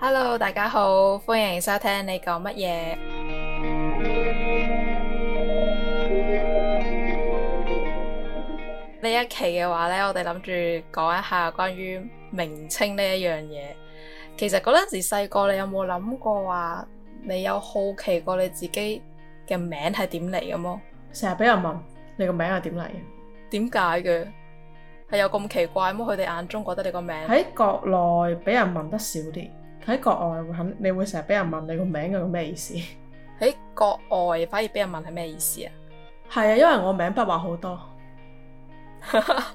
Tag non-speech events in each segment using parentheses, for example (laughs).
Hello，大家好，歡迎收聽你講乜嘢，呢一期嘅話呢，我哋諗住講一下關於名稱呢一樣嘢。其實嗰陣時細個，你有冇諗過話，你有好奇過你自己嘅名係點嚟嘅麼？成日俾人問你個名係點嚟嘅？點解嘅？係有咁奇怪麼？佢哋眼中覺得你個名喺國內俾人問得少啲，喺國外會肯你會成日俾人問你個名係咩意思？喺國外反而俾人問係咩意思啊？係啊，因為我名筆畫好多。 (laughs)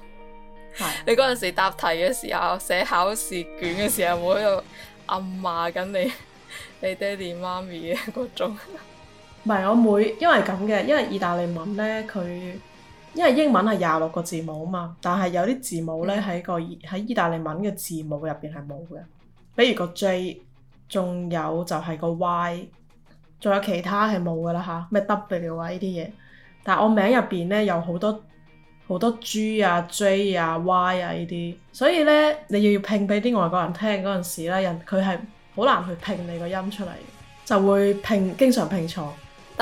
是 (laughs) 你嗰陣時答題嘅時候，寫考試卷嘅時候，會喺度暗罵緊你你爹哋媽咪嘅嗰種。唔係我妹，因為咁嘅，因為意大利文咧，佢因為英文係廿六個字母啊嘛，但係有啲字母咧喺個喺意大利文嘅字母入邊係冇嘅，比如個 J，仲有就係個 Y，仲有其他係冇噶啦吓，咩、啊、W 啊呢啲嘢，但係我名入邊咧有好多好多 G 啊、J 啊、Y 啊呢啲，所以咧你要拼俾啲外國人聽嗰陣時啦，人佢係好難去拼你個音出嚟，就會拼經常拼錯。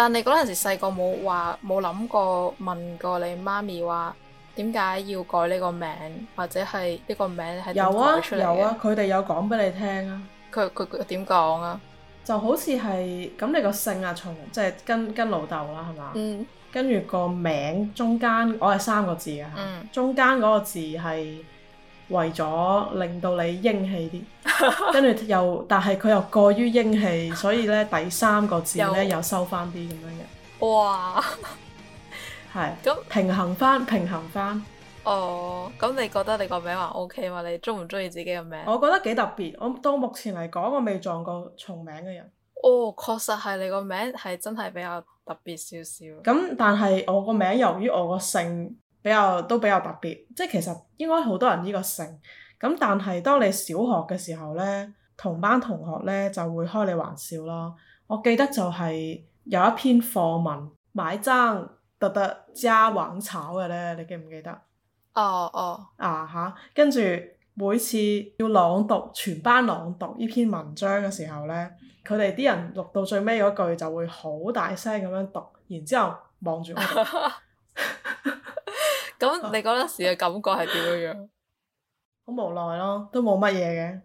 但你嗰陣時細個，冇話冇諗過問過你媽咪話點解要改呢個名或者係呢個名喺邊度出嚟？有啊有啊，佢哋有講、啊、俾你聽啊。佢佢點講啊？就好似係咁，你個姓啊從即係跟跟老豆啦，係嘛？嗯。跟住個名中間，我係三個字啊，嗯、中間嗰個字係。為咗令到你英氣啲，跟住 (laughs) 又，但係佢又過於英氣，所以咧第三個字咧又，又收翻啲咁樣嘅。哇，係咁是、嗯、平衡翻，平衡翻。哦，咁你覺得你個名還 OK 嘛？你中唔中意自己嘅名？我覺得幾特別，我到目前嚟講，我未撞過重名嘅人。哦，確實係你個名係真係比較特別少少。咁但係我個名，由於我個姓，比較都比較特別，即係其實應該好多人呢個姓。咁但係當你小學嘅時候呢，同班同學呢就會開你玩笑囉。我記得就係有一篇課文買爭特特揸橫炒嘅呢，你記唔記得？哦哦、oh, oh. uh，啊吓。跟住每次要朗讀全班朗讀呢篇文章嘅時候呢，佢哋啲人讀到最尾嗰句就會好大聲咁樣讀，然之後望住我。 (laughs) 咁你嗰陣時嘅感覺係點樣樣？好 (laughs) 無奈咯，都冇乜嘢嘅。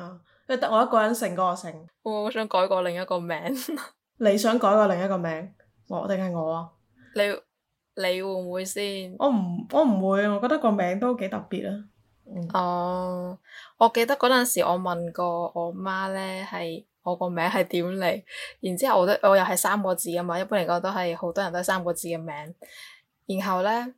啊，因為得我一個人成個城、哦。我好想改個另一個名。 (laughs) 你想改個另一個名，哦、我定係我啊？你你會唔會先？我唔我唔會，我覺得個名都幾特別啊。哦、嗯，uh, 我記得嗰陣時我問過我媽呢，係我個名係點嚟？然之後我都我又係三個字噶嘛，一般嚟講都係好多人都係三個字嘅名，然後呢。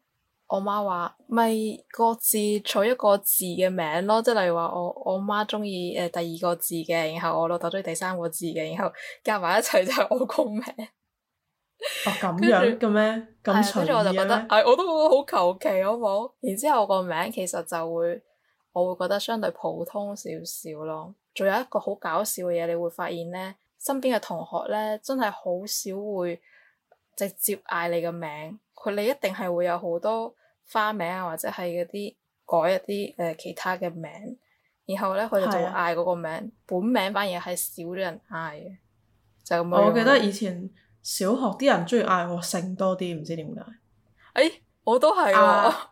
我媽話咪各自取一個字嘅名咯，即係例如話我我媽中意誒第二個字嘅，然後我老豆中意第三個字嘅，然後夾埋一齊就係我個名。哦，咁樣嘅咩？跟住我就覺得，係、嗯哎、我都好求其，好唔好？然之後個名其實就會我會覺得相對普通少少咯。仲有一個好搞笑嘅嘢，你會發現呢，身邊嘅同學呢，真係好少會直接嗌你個名。佢哋一定係會有好多花名啊，或者係嗰啲改一啲誒、呃、其他嘅名，然後咧佢哋就嗌嗰個名，的本名反而係少啲人嗌嘅。就咁我記得以前小學啲人中意嗌我姓多啲，唔知點解。哎、欸，我都係啊。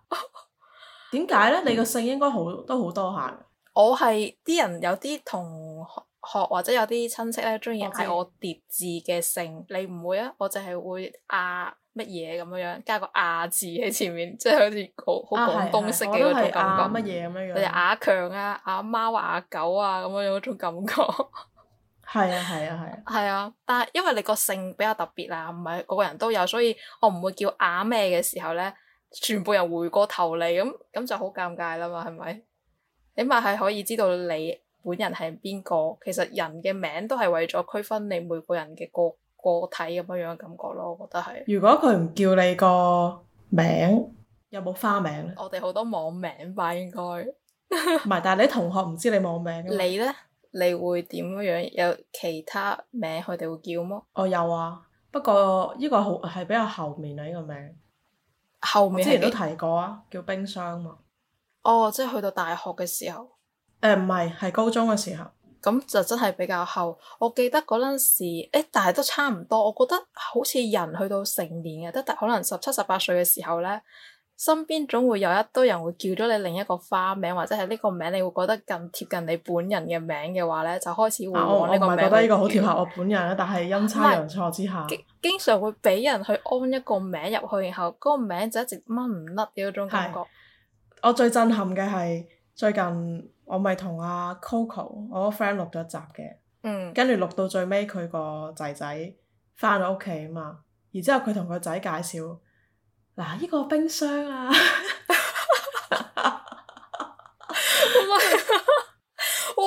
點解咧？你個姓應該好都好多下。我係啲人有啲同學或者有啲親戚咧，中意嗌我疊字嘅姓。的你唔會,會啊？我淨係會啊。乜嘢咁樣樣，加個亞、啊、字喺前面，即係好似好好廣東式嘅嗰種感覺。乜嘢咁樣樣？你、啊、阿強啊、阿、啊、貓啊、阿、啊、狗啊咁樣樣嗰種感覺。係啊係啊係。係啊，啊啊啊啊但係因為你個姓比較特別啊，唔係個個人都有，所以我唔會叫阿咩嘅時候咧，全部人回過頭嚟，咁咁就好尷尬啦嘛，係咪？起碼係可以知道你本人係邊個。其實人嘅名都係為咗區分你每個人嘅個個體咁樣樣感覺咯，我覺得係。如果佢唔叫你個名，有冇花名咧？我哋好多網名吧，應該。唔 (laughs) 係，但係你同學唔知你網名。 (laughs) 你咧，你會點樣樣？有其他名佢哋會叫麼？我、哦、有啊，不過呢個好係比較後面啊，呢、這個名。後面之前都提過啊，叫冰箱嘛。哦，即係去到大學嘅時候。誒、嗯，唔係，係高中嘅時候。咁就真係比較後。我記得嗰陣時、欸，但係都差唔多。我覺得好似人去到成年嘅，得可能十七十八歲嘅時候呢，身邊總會有一堆人會叫咗你另一個花名，或者係呢個名，你會覺得更貼近你本人嘅名嘅話呢，就開始會講、啊、我，我唔係覺得呢個好貼合我本人啊， (laughs) 但係陰差陽錯之下，經常會俾人去安一個名入去，然後嗰個名就一直掹唔甩嘅嗰種感覺。我最震撼嘅係最近。我咪同阿 Coco，我個 friend 錄咗集嘅，跟住、嗯、錄到最尾佢個仔仔翻到屋企啊嘛，然之後佢同個仔介紹，嗱、啊、呢個冰箱啊。 (laughs)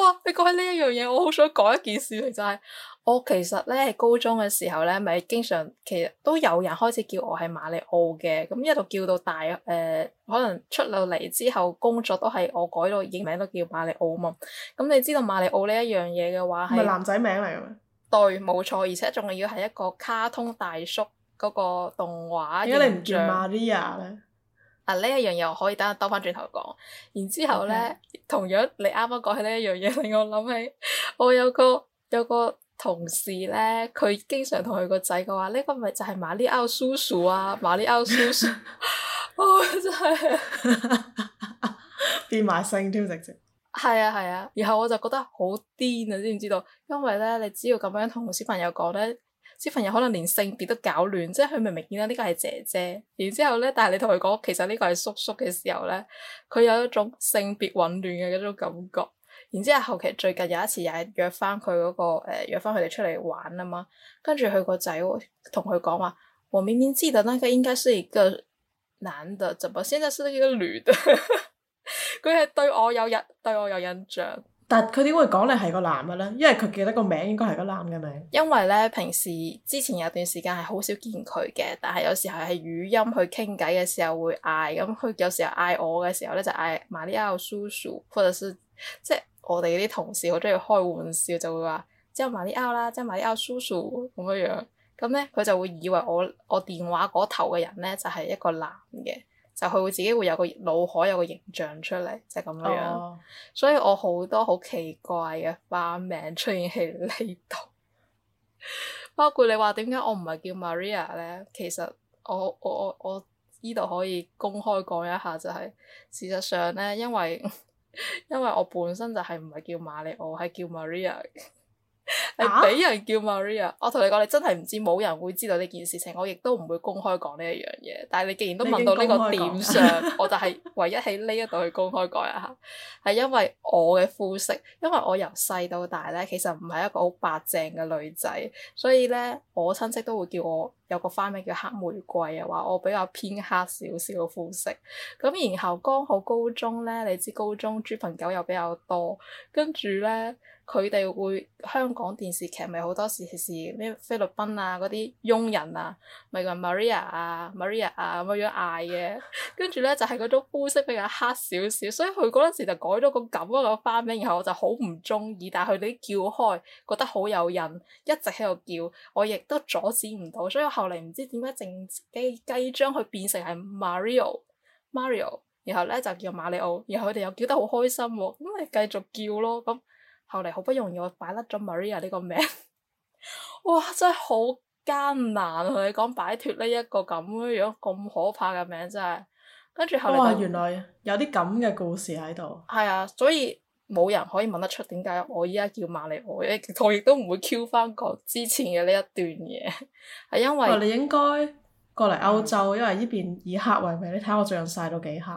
啊、你講起呢一樣嘢，我好想講一件事就係、是、我其實咧，喺高中嘅時候咧，咪經常其實都有人開始叫我係瑪利奧嘅，咁一路叫到大誒、呃，可能出到嚟之後工作都係我改到譯名都叫瑪利奧啊嘛。咁你知道瑪利奧呢一樣嘢嘅話，係男仔名嚟嘅。對，冇錯，而且仲要係一個卡通大叔嗰個動畫嘅形象。啊！呢一樣嘢我可以等下兜翻轉頭講，然之後咧，Okay. 同樣你啱啱講起呢一樣嘢，令我諗起我有個有個同事咧，佢經常同佢個仔嘅話，呢個咪就係瑪利奧叔叔啊，瑪利奧叔叔，哇、 (laughs) (laughs) 哦！真係 (laughs) (laughs) (laughs) 變埋聲添，直接係啊係啊，啊，然後我就覺得好癲啊，知唔知道？因為咧，你只要咁樣同小朋友講咧。小朋友可能連性別都搞亂，即係佢明明見到呢個係姐姐，然之後咧，但係你同佢講其實呢個係叔叔嘅時候咧，佢有一種性別混亂嘅一種感覺。然之後後期最近有一次又係約翻佢嗰個誒、呃、約翻佢哋出嚟玩啊嘛、嗯，跟住佢個仔同佢講話，我明明記得那個應該是一個男的，怎麼現在是一個女的？佢 (laughs) 係對我有印，對我有印象。但佢點會講你係個男嘅咧？因為佢記得個名應該係個男嘅名。因為咧，平時之前有段時間係好少見佢嘅，但係有時候係語音去傾偈嘅時候會嗌，咁佢有時候嗌我嘅時候咧就嗌瑪利奧叔叔，或者是即係、就是、我哋啲同事好中意開玩笑，就會話，即係瑪利奧啦，即係瑪利奧叔叔咁樣樣。咁咧佢就會以為我我電話嗰頭嘅人咧就係、是、一個男嘅。就佢會自己會有個腦海有個形象出嚟，就咁樣樣。Oh. 所以我好多好奇怪嘅花名出現喺呢度， (laughs) 包括你話點解我唔係叫 Maria 咧？其實我我我我呢度可以公開講一下就係，事實上咧，因為因為我本身就係唔係叫瑪利奧，係叫 Maria。係俾人叫 Maria，我同你講，你真係唔知冇人會知道呢件事情，我亦都唔會公開講呢一樣嘢。但係你既然都問到呢個點上，啊、我就係唯一喺呢一度去公開講一下，係 (laughs) 因為我嘅膚色，因為我由細到大咧，其實唔係一個好白淨嘅女仔，所以咧我親戚都會叫我有個花名叫黑玫瑰啊，話我比較偏黑少少嘅膚色。咁然後剛好高中咧，你知高中豬朋狗友比較多，跟住咧。佢哋會香港電視劇咪好多時是咩菲律賓啊嗰啲傭人啊，咪話、啊、Maria 啊 Maria 啊咁樣嗌嘅，跟住咧就係、是、嗰種膚色比較黑少少，所以佢嗰陣時就改咗個咁嗰個花名，然後我就好唔中意，但係佢哋叫開覺得好有癮，一直喺度叫，我亦都阻止唔到，所以我後嚟唔知點解靜雞雞將佢變成係 Mario Mario，然後咧就叫瑪利奧，然後佢哋又叫得好開心喎，咁咪繼續叫咯咁。後嚟好不容易我擺甩咗 Maria 呢個名，哇！真係好艱難，同你講擺脫呢一個咁樣咁可怕嘅名真係。跟住後嚟哇、哦！原來有啲咁嘅故事喺度。係啊，所以冇人可以問得出點解我依家叫瑪利奧。我亦我亦都唔會 Q 翻過之前嘅呢一段嘢，係因為你應該過嚟歐洲，因為呢邊以黑為名。你睇下我最近曬到幾黑。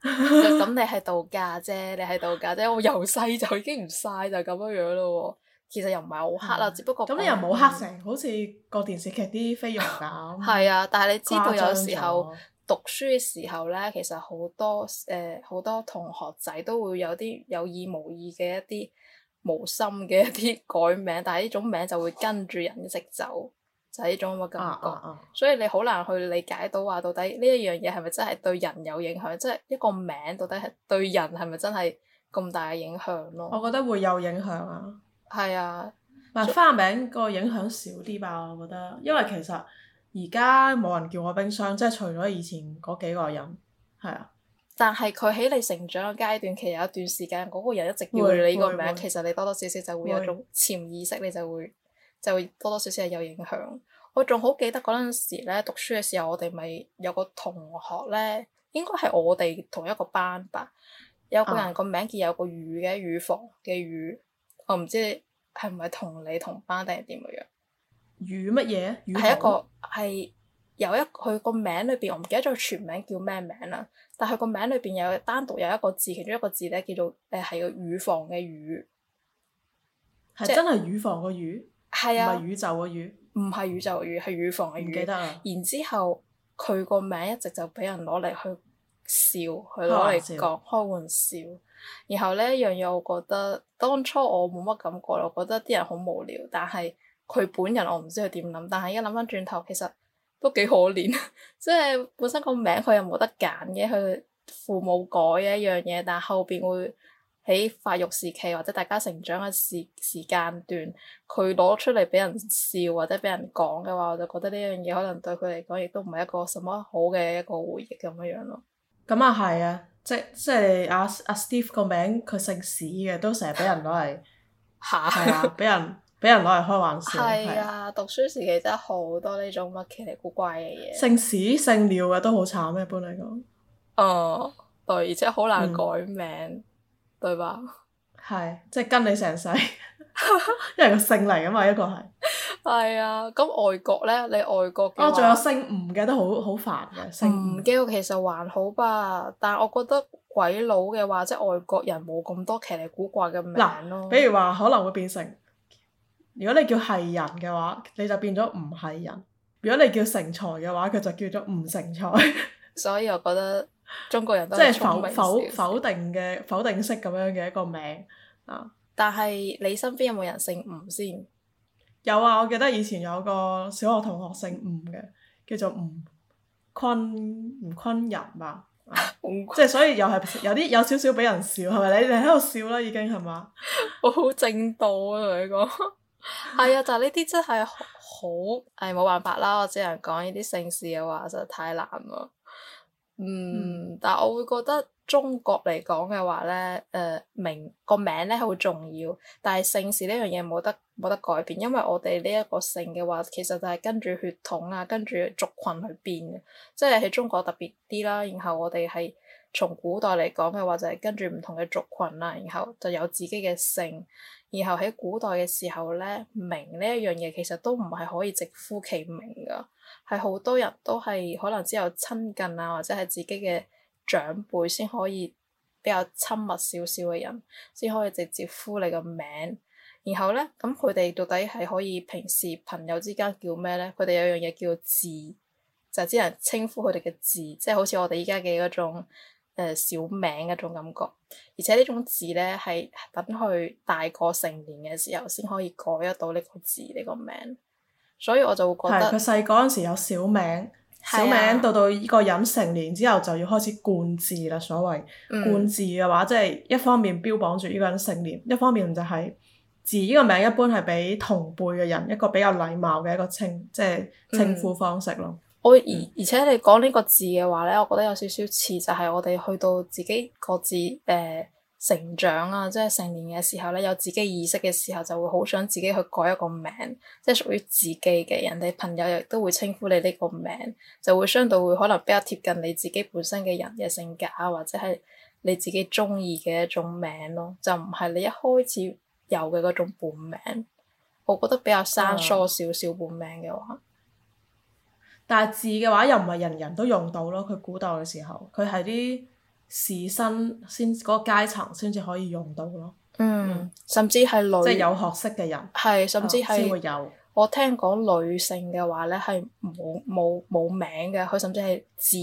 就咁， (laughs) (laughs) 你係度假啫，你係度假啫。我由細就已經唔曬，就咁樣樣咯喎。其實又唔係好黑啦，嗯、只不過咁你、嗯、又冇黑成，好似個電視劇啲菲傭咁。係 (laughs) 啊，但係你知道有時候讀書嘅時候咧，其實好多誒好、呃、多同學仔都會有啲有意無意嘅一啲無心嘅一啲改名，但係呢種名就會跟住人一直走。就係呢種咁嘅感覺，啊啊、所以你好難去理解到話到底呢一樣嘢係咪真係對人有影響，即係一個名到底係對人係咪真係咁大嘅影響咯？我覺得會有影響啊，係啊，但花是就名個影響少啲吧？我覺得，因為其實而家冇人叫我冰箱，即係除咗以前嗰幾個人，係啊。但係佢喺你成長嘅階段，其實有一段時間嗰個人一直叫你呢個名，其實你多多少少就會有種潛意識，會你就會。就會多多少少係有影響。我仲好記得嗰陣時咧，讀書嘅時候，我哋咪有個同學咧，應該係我哋同一個班吧。有個人個名叫有個乳嘅乳房嘅乳，我唔知係唔係同你同班定係點嘅樣。乳乜嘢？乳房係一個係有一佢個名裏邊，我唔記得咗全名叫咩名啦。但係佢個名裏邊有單獨有一個字，其中一個字咧叫做誒係個乳房嘅乳。係真係乳房個乳。就是乳係啊，唔係宇宙嘅宇，唔係宇宙宇，係乳房嘅乳。唔記得。然之後佢個名一直就俾人攞嚟去笑，去攞嚟講開玩笑。然後呢一樣嘢，我覺得當初我冇乜感覺咯，覺得啲人好無聊。但係佢本人，我唔知佢點諗。但係而家諗翻轉頭，其實都幾可憐。 (laughs) 即係本身個名佢又冇得揀嘅，佢父母改嘅一樣嘢，但後邊會。喺發育時期或者大家成長嘅時時間段，佢攞出嚟俾人笑或者俾人講嘅話，我就覺得呢樣嘢可能對佢嚟講亦都唔係一個什麼好嘅一個回憶咁樣樣咯。咁啊係啊，即即係阿阿 Steve 個名，佢姓史嘅，都成日俾人攞嚟嚇，係 parsley name 啊，俾人俾人攞嚟開玩笑。係話啊，讀書時期真係好多呢種乜奇離古怪嘅嘢。姓史姓廖嘅都好慘，一般嚟講。哦，對，而且好難改名。嗯對吧？係，即係跟你成世，因為個姓嚟噶嘛， (laughs) 一個係。係 (laughs) 啊，咁外國咧，你外國，我仲、啊、有姓吳嘅，都好好煩嘅姓吳。嗯、其實還好吧，但係我覺得鬼佬嘅話，即係外國人冇咁多奇奇古怪嘅名咯、啊。比如話可能會變成，如果你叫係人嘅話，你就變咗唔係人；如果你叫成才嘅話，佢就叫做唔成才。所以我覺得。中國人都，即係否否否定嘅否定式咁樣嘅一個名啊！但係你身邊有冇人姓吳先？有啊！我記得以前有個小學同學姓吳嘅，叫做吳坤吳坤人啊！啊 (laughs) 即係所以又係有啲有少少俾人笑係咪？你哋喺度笑啦已經係嘛？ (laughs) 我好正道啊同你講，係 (laughs) 啊、哎！就呢啲真係好，係冇、哎、辦法啦！我只能講呢啲姓氏嘅話就太難啦。嗯，但係我會覺得中國嚟講嘅話呢，誒、呃、名個名呢好重要，但係姓氏呢樣嘢冇得冇得改變，因為我哋呢一個姓嘅話，其實就係跟住血統啊，跟住族群去變嘅，即係喺中國特別啲啦。然後我哋係。從古代嚟講嘅話就係、是、跟住唔同嘅族群啦，然後就有自己嘅姓，然後喺古代嘅時候咧，名呢一樣嘢其實都唔係可以直呼其名噶，係好多人都係可能只有親近啊或者係自己嘅長輩先可以比較親密少少嘅人，先可以直接呼你個名，然後咧，咁佢哋到底係可以平時朋友之間叫咩咧？佢哋有樣嘢叫字，就是、只能稱呼佢哋嘅字，即係好似我哋依家嘅嗰種。誒、呃，小名一種感覺，而且呢種字咧係等佢大個成年嘅時候先可以改得到呢個字呢、這個名，所以我就會覺得佢細個嗰陣時有小名，啊、小名到到呢個人成年之後就要開始冠字啦。所謂冠字嘅話，即係、嗯、一方面標榜住呢個人成年，一方面就係、是、字呢個名一般係俾同輩嘅人一個比較禮貌嘅一個稱，即係稱呼方式咯。嗯我而而且你講呢個字嘅話呢，我覺得有少少似就係我哋去到自己各自誒、呃、成長啊，即係成年嘅時候呢，有自己意識嘅時候，就會好想自己去改一個名，即係屬於自己嘅，人哋朋友亦都會稱呼你呢個名，就會相對會可能比較貼近你自己本身嘅人嘅性格啊，或者係你自己中意嘅一種名咯，就唔係你一開始有嘅嗰種本名，我覺得比較生疏少少本名嘅話。嗯。但係字嘅話，又唔係人人都用到咯。佢古代嘅時候，佢係啲士紳先嗰個階層先至可以用到咯。嗯，甚至係女即係有學識嘅人，係甚至係有，我聽講女性嘅話咧，係冇冇冇名嘅，佢甚至係字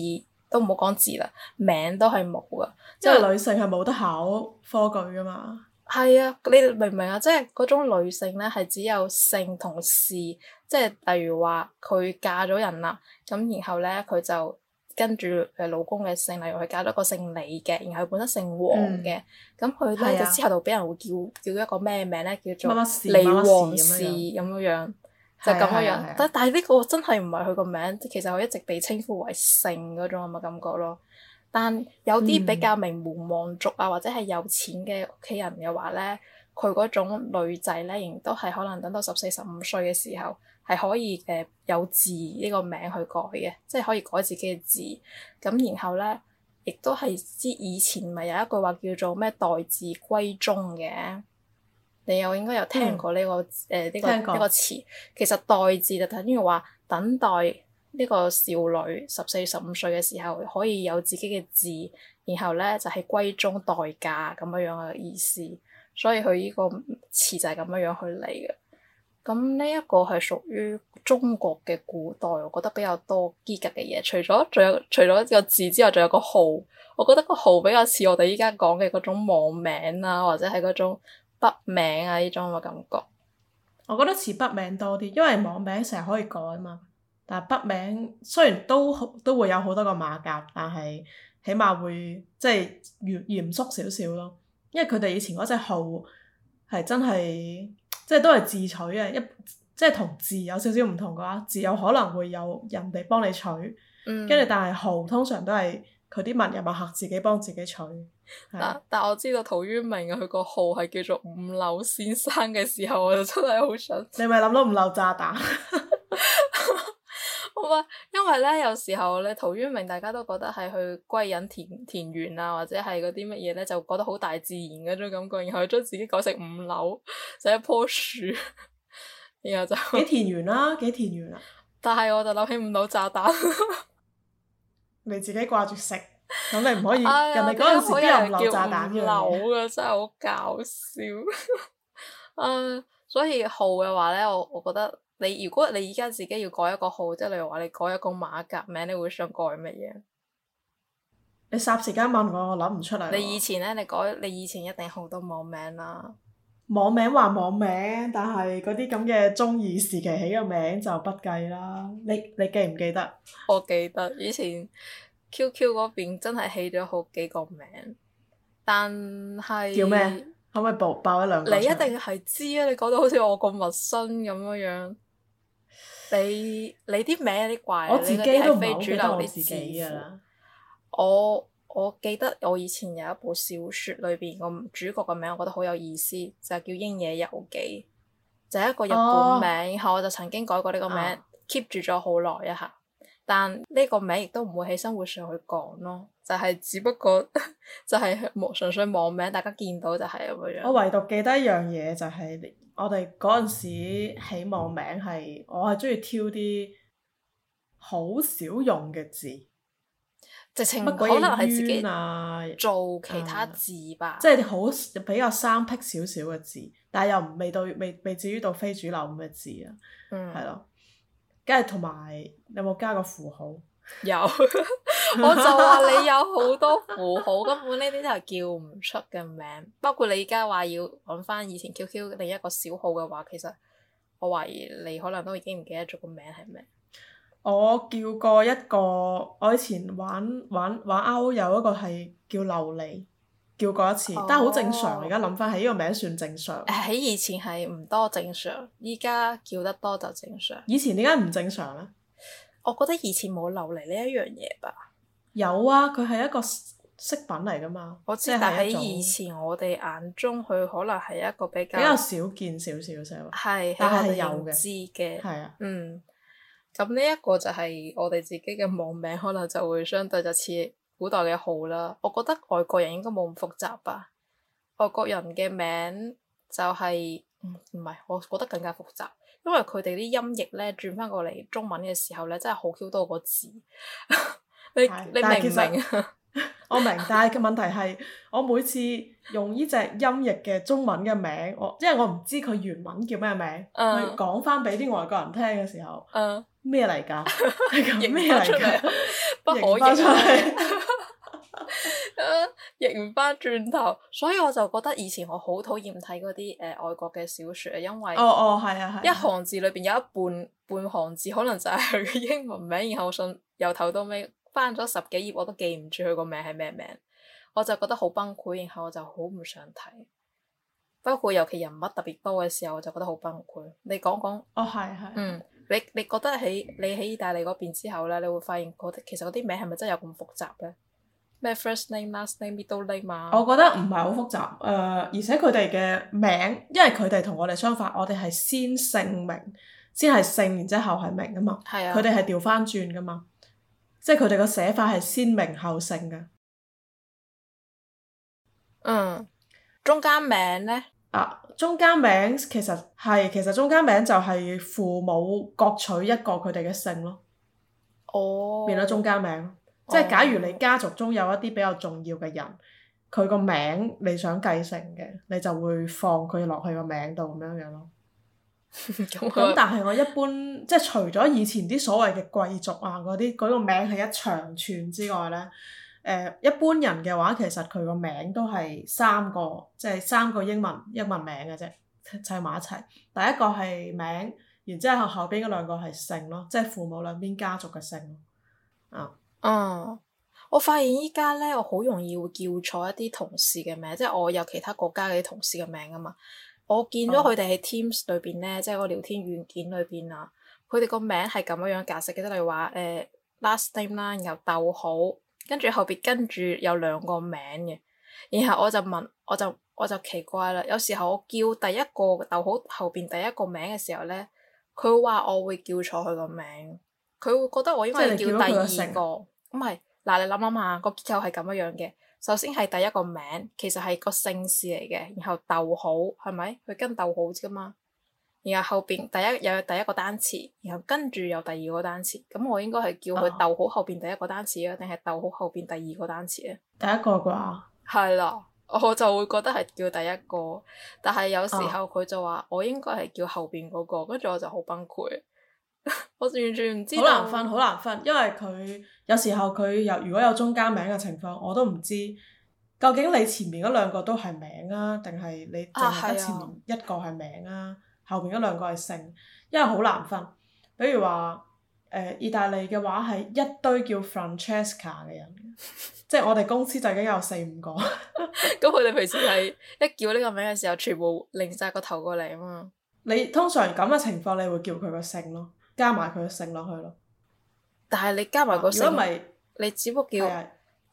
都唔好講字啦，名都係冇噶。因為女性係冇得考科舉噶嘛。係啊，你明唔明啊？即係嗰種女性咧，係只有姓同氏，即係例如話佢嫁咗人啦，咁然後咧佢就跟住佢老公嘅姓，例如佢嫁咗個姓李嘅，然後佢本身姓王嘅，咁佢咧就之後就俾人會叫叫一個咩名咧，叫做李王氏咁樣樣，就咁、是、樣樣。啊啊啊啊、但但係呢個真係唔係佢個名，其實佢一直被稱呼為姓嗰種咁嘅感覺咯？但有啲比較名門望族啊，或者係有錢嘅屋企人嘅話咧，佢嗰種女仔咧，仍都係可能等到十四、十五歲嘅時候，係可以誒、呃、有字呢個名去改嘅，即係可以改自己嘅字。咁然後咧，亦都係知以前咪有一句話叫做咩待字閨中嘅，你又應該有聽過呢、這個誒呢、嗯呃這個一過、呃這個詞。其實待字就等於話等待。呢個少女十四、十五歲嘅時候，可以有自己嘅字，然後咧就係閨中待嫁咁樣樣嘅意思，所以佢呢個詞就係咁樣樣去嚟嘅。咁呢一個係屬於中國嘅古代，我覺得比較多啲格嘅嘢。除咗仲有，除咗呢個字之外，仲有個號。我覺得個號比較似我哋依家講嘅嗰種網名啊，或者係嗰種筆名啊呢種嘅感覺。我覺得似筆名多啲，因為網名成日可以改嘛。但係筆名雖然都都會有好多個馬甲，但係起碼會即係越嚴肅少少咯。因為佢哋以前嗰隻號係真係即係都係自取嘅，一即係同字有少少唔同嘅話，字有可能會有人哋幫你取，跟住、嗯、但係號通常都係佢啲文人墨客自己幫自己取。但但我知道陶淵明啊，佢個號係叫做五柳先生嘅時候，我就真係好想，你咪諗到五柳炸彈？ (laughs) 好啊，因為咧，有時候咧，陶淵明大家都覺得係去歸隱田田園啊，或者係嗰啲乜嘢咧，就覺得好大自然嗰種感覺。然後將自己改成五柳，就一樖樹，然後就幾田園啦，啊，幾田園啊。但係我就諗起五柳炸蛋，你自己掛住食，咁你唔可以、哎、呀人哋嗰陣時邊有炸彈、哎、人叫五炸彈呢樣嘢？真係好搞笑。誒、 (laughs) uh,，所以號嘅話咧，我我覺得。你如果你而家自己要改一個號，即係例如話你改一個馬甲名，你會想改乜嘢？你霎時間問我，我諗唔出嚟。你以前咧，你改你以前一定好多網名啦。網名話網名，但係嗰啲咁嘅中二時期起個名就不計啦。你你記唔記得？我記得以前 QQ 嗰邊真係起咗好幾個名，但係叫咩？可唔可以爆爆一兩個？你一定係知啊！你講到好似我咁陌生咁樣樣。你你啲名有啲怪，我自己都非主流，你自己㗎喇！我我記得我以前有一部小説裏邊個主角個名，我覺得好有意思，就係叫《英野遊記》，就係、是、一個日本名，oh. 然後我就曾經改過呢個名，keep、oh. 住咗好耐一下。但呢個名亦都唔會喺生活上去講咯，就係、是、只不過 (laughs) 就係網純粹網名，大家見到就係咁樣。我唯獨記得一樣嘢就係、是，我哋嗰陣時起網名係、嗯、我係中意挑啲好少用嘅字，直情唔可能係自己啊做其他字吧。即係好比較生僻少少嘅字，但係又唔未到未未至於到非主流咁嘅字啊，嗯，咯、嗯。嗯跟住同埋有冇加個符號？有， (laughs) 我就話你有好多符號， (laughs) 根本呢啲都係叫唔出嘅名。包括你而家話要揾翻以前 QQ 另一個小號嘅話，其實我懷疑你可能都已經唔記得咗個名係咩。我叫過一個，我以前玩玩玩 OU 有一個係叫琉璃。叫過一次，但係好正常。而家諗翻起呢個名算正常。喺、啊、以前係唔多正常，依家叫得多就正常。以前點解唔正常呢？我覺得以前冇流嚟呢一樣嘢吧。有啊，佢係一個飾品嚟㗎嘛。我知，是是但喺以前我哋眼中，佢可能係一個比較比較少見少少嘅。係，但係有嘅。知嘅的。係啊的。嗯。咁呢一個就係我哋自己嘅網名，可能就會相對就似。古代嘅號啦，我覺得外國人應該冇咁複雜吧。外國人嘅名就係唔係，我覺得更加複雜，因為佢哋啲音譯咧轉翻過嚟中文嘅時候咧，真係好 Q 多個字。 (laughs) 你但你明唔明？我明，但係個問題係，我每次用呢隻音譯嘅中文嘅名，我因為我唔知佢原文叫咩名，講翻俾啲外國人聽嘅時候。嗯咩嚟噶？係咁咩嚟噶？ (laughs) 出 (laughs) 不可以翻出嚟，啊！譯翻轉頭，所以我就覺得以前我好討厭睇嗰啲誒外國嘅小説啊，因為哦哦，係啊係，一行字裏邊有一半半行字，可能就係佢嘅英文名，然後信由頭到尾翻咗十幾頁，我都記唔住佢個名係咩名，我就覺得好崩潰，然後我就好唔想睇。包括尤其人物特別多嘅時候，我就覺得好崩潰。你講講，哦係係，嗯。你你覺得喺你喺意大利嗰邊之後呢，你會發現嗰啲其實嗰啲名係咪係真有咁複雜呢？咩 first name、last name、middle name？啊，我覺得唔係好複雜，誒、呃，而且佢哋嘅名，因為佢哋同我哋相反，我哋係先姓名，先係姓，然之後係名啊嘛。係啊。佢哋係調翻轉噶嘛，即係佢哋個寫法係先名後姓嘅。嗯，中間名呢？啊，中間名其實係其實中間名就係父母各取一個佢哋嘅姓咯。哦。Oh. 變咗中間名，oh. 即係假如你家族中有一啲比較重要嘅人，佢個、oh. 名你想繼承嘅，你就會放佢落去個名度咁樣樣咯。咁 (laughs) (laughs) 但係我一般即係除咗以前啲所謂嘅貴族啊嗰啲，嗰、嗰個名係一長串之外咧。 (laughs) 誒、呃、一般人嘅話，其實佢個名都係三個，即係三個英文英文名嘅啫，砌埋一齊。第一個係名，然之後後邊嗰兩個係姓咯，即係父母兩邊家族嘅姓。啊啊！嗯、我發現依家咧，我好容易會叫錯一啲同事嘅名，即係我有其他國家嘅同事嘅名啊嘛。我見咗佢哋喺 Teams 裏邊咧，嗯、即係個聊天軟件裏邊啊，佢哋個名係咁樣樣格式嘅，即係例如話 last name 啦，然後逗號。跟住後邊跟住有兩個名嘅，然後我就問，我就我就奇怪啦。有時候我叫第一個逗號後邊第一個名嘅時候咧，佢會話我會叫錯佢個名，佢會覺得我應該叫第二個。唔係，嗱你諗諗下個結構係咁樣樣嘅，首先係第一個名，其實係個姓氏嚟嘅，然後逗號，係咪？佢跟逗號啫嘛？然後後邊第一有第一個單詞，然後跟住有第二個單詞，咁我應該係叫佢逗好後邊第一個單詞啊，定係逗好後邊第二個單詞啊？第一個啩？係啦，我就會覺得係叫第一個，但係有時候佢就話我應該係叫後邊嗰個，跟住我就好崩潰， (laughs) 我完全唔知。好難分，好難分，因為佢有時候佢又如果有中間名嘅情況，我都唔知究竟你前面嗰兩個都係名啊，定係你淨係得前面一個係名啊？啊後邊嗰兩個係姓，因為好難分。比如話，誒、呃，意大利嘅話係一堆叫 Francesca 嘅人， (laughs) 即係我哋公司就已經有四五個。咁佢哋平時係一叫呢個名嘅時候，全部擰晒個頭過嚟啊嘛。你通常咁嘅情況，你會叫佢個姓咯，加埋佢個姓落去咯。但係你加埋個姓，姓果咪你只不過叫